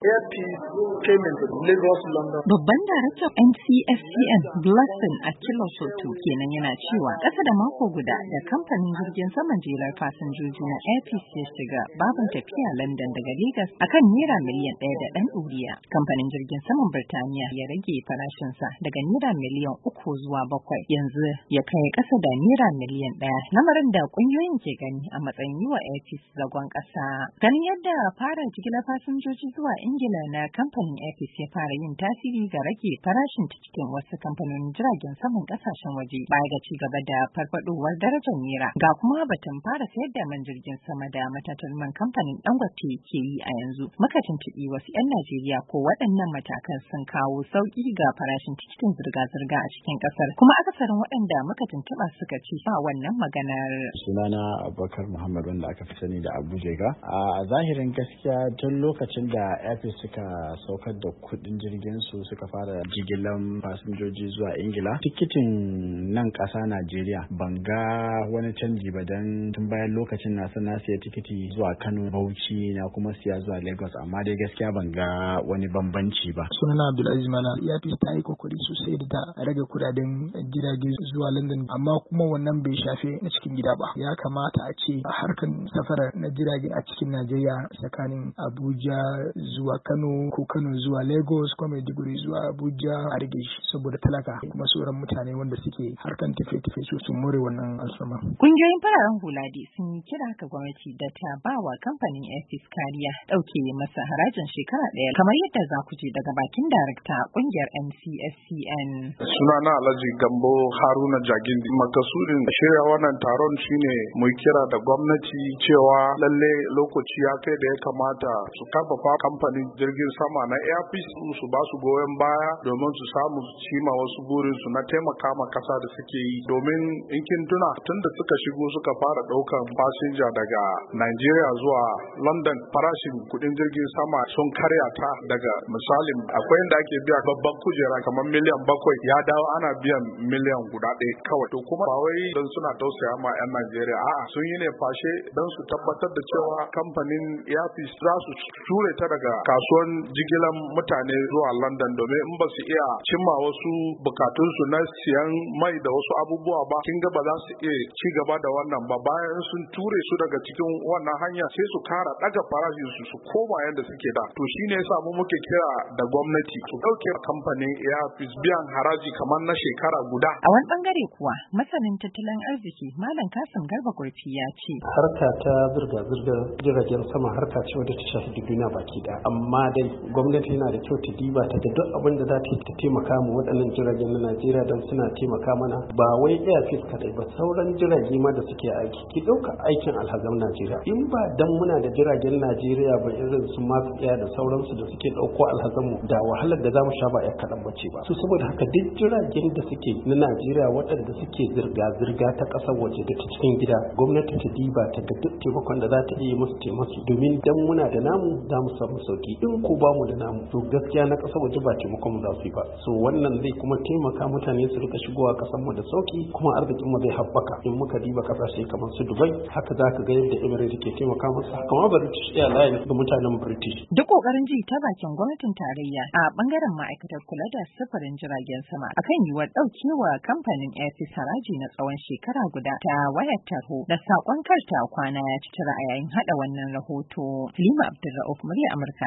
Babban daraktan NCSCN Blessing a Kilosoto kenan yana cewa ƙasa da mako guda da kamfanin jirgin saman jelar fasinjoji na APC ya shiga babin tafiya London daga Legas a kan naira miliyan ɗaya da ɗan ɗuriya. Kamfanin jirgin saman Birtaniya ya rage farashinsa daga naira miliyan uku zuwa bakwai yanzu ya kai ƙasa da naira miliyan ɗaya lamarin da ƙungiyoyin ke gani a matsayin yi wa APC zagon ƙasa. Ganin yadda fara jigilar fasinjoji zuwa Ingila na kamfanin APC ya fara yin tasiri ga rage farashin tikitin wasu kamfanonin jiragen saman kasashen waje baya ga ci gaba da farfadowar darajar nera, Ga kuma batun fara sayar da man jirgin sama da matatalman man kamfanin Dangote ke yi a yanzu. Muka tuntuɓi wasu 'yan Najeriya ko waɗannan matakan sun kawo sauƙi ga farashin tikitin zirga-zirga a cikin ƙasar. Kuma akasarin waɗanda muka tuntuɓa suka ci ba wannan maganar. Sunana Abubakar Muhammad wanda aka fi sani da Abuja. A zahirin gaskiya tun lokacin da safe suka saukar da kudin jirgin su suka fara jigilan fasinjoji zuwa ingila tikitin nan kasa najeriya ban ga wani canji ba don tun bayan lokacin na na siya tikiti zuwa kano bauchi na kuma siya zuwa lagos amma dai gaskiya ban ga wani bambanci ba sunana abdulaziz mala ya e fi ta yi kokari sosai da ta rage kudaden jirage zuwa london amma kuma wannan bai shafe na cikin gida ba ya kamata a ce harkan safara na jirage a cikin najeriya tsakanin abuja zuwa zuwa Kano ko Kano zuwa Lagos ko Maiduguri zuwa Abuja a rage shi saboda talaka kuma sauran mutane wanda suke harkan tafe-tafe su sun more wannan alfama. Kungiyoyin fararen hula sun yi kira ga gwamnati da ta ba wa kamfanin Estes kariya ɗauke masa harajin shekara ɗaya kamar yadda za ku je daga bakin darakta kungiyar NCSCN. na Alhaji Gambo Haruna Jagindi makasudin shirya wannan taron shine mu kira da gwamnati cewa lalle lokaci ya kai da ya kamata su kafafa kamfanin jirgin sama na air peace su ba su goyon baya domin su samu su cima wasu burinsu na taimaka ma kasa da suke yi domin in kin tuna tun da suka shigo suka fara ɗaukan fasinja daga Najeriya zuwa London farashin kuɗin jirgin sama sun karya ta daga misalin akwai inda ake biya babban kujera kamar miliyan bakwai ya dawo ana biyan miliyan guda ɗaya kawai to kuma ba wai don suna tausaya ma 'yan Najeriya a'a sun yi ne fashe don su tabbatar da cewa kamfanin Airpeace za su ture ta daga kasuwan jigilan mutane zuwa London domin in ba su iya cimma wasu bukatunsu na siyan mai da wasu abubuwa ba kin ga ba za su iya ci gaba da wannan ba bayan sun ture su daga cikin wannan hanya sai su kara daga farashin su su koma yadda suke da to shine yasa mu muke kira da gwamnati su dauke kamfanin Airfis biyan haraji kamar na shekara guda a wani bangare kuwa masanin tattalin arziki Malam Kasim Garba Gurfi ya ce harka ta zirga-zirgar jiragen sama harka ce wadda ta shafi dubina baki da amma amma dai gwamnati yana da kyau ta diba ta da duk abin da za ta ta taimaka mu waɗannan jiragen na najeriya don suna taimaka mana ba wai airfield kadai ba sauran jirage ma da suke aiki ki ɗauka aikin alhazan najeriya in ba dan muna da jiragen najeriya ba irin su masu iya da sauransu da suke ɗauko alhazan mu da wahalar da za mu sha ba ya kaɗan bace ba su saboda haka duk jiragen da suke na najeriya waɗanda suke zirga-zirga ta ƙasar waje da ta cikin gida gwamnati ta diba ta da duk taimakon da za ta iya musu taimaki domin dan muna da namu za mu samu sauki ciki in ko ba mu da namu to gaskiya na ƙasa waje ba taimakon mu za su yi ba so wannan zai kuma taimaka mutane su rika shigowa ƙasar mu da sauki kuma arzikin mu zai haɓaka in muka diba ƙasashe kamar su Dubai haka za ka ga yadda Emirates ke taimaka musu kamar British Airlines da mutanen British duk ƙoƙarin ji ta bakin gwamnatin tarayya a bangaren ma'aikatar kula da sufurin jiragen sama akan yiwuwar ɗaukewa kamfanin Airfis haraji na tsawon shekara guda ta wayar tarho da saƙon karta kwana ya ci tara a yayin haɗa wannan rahoto. Lima Abdulra'uf murya Amurka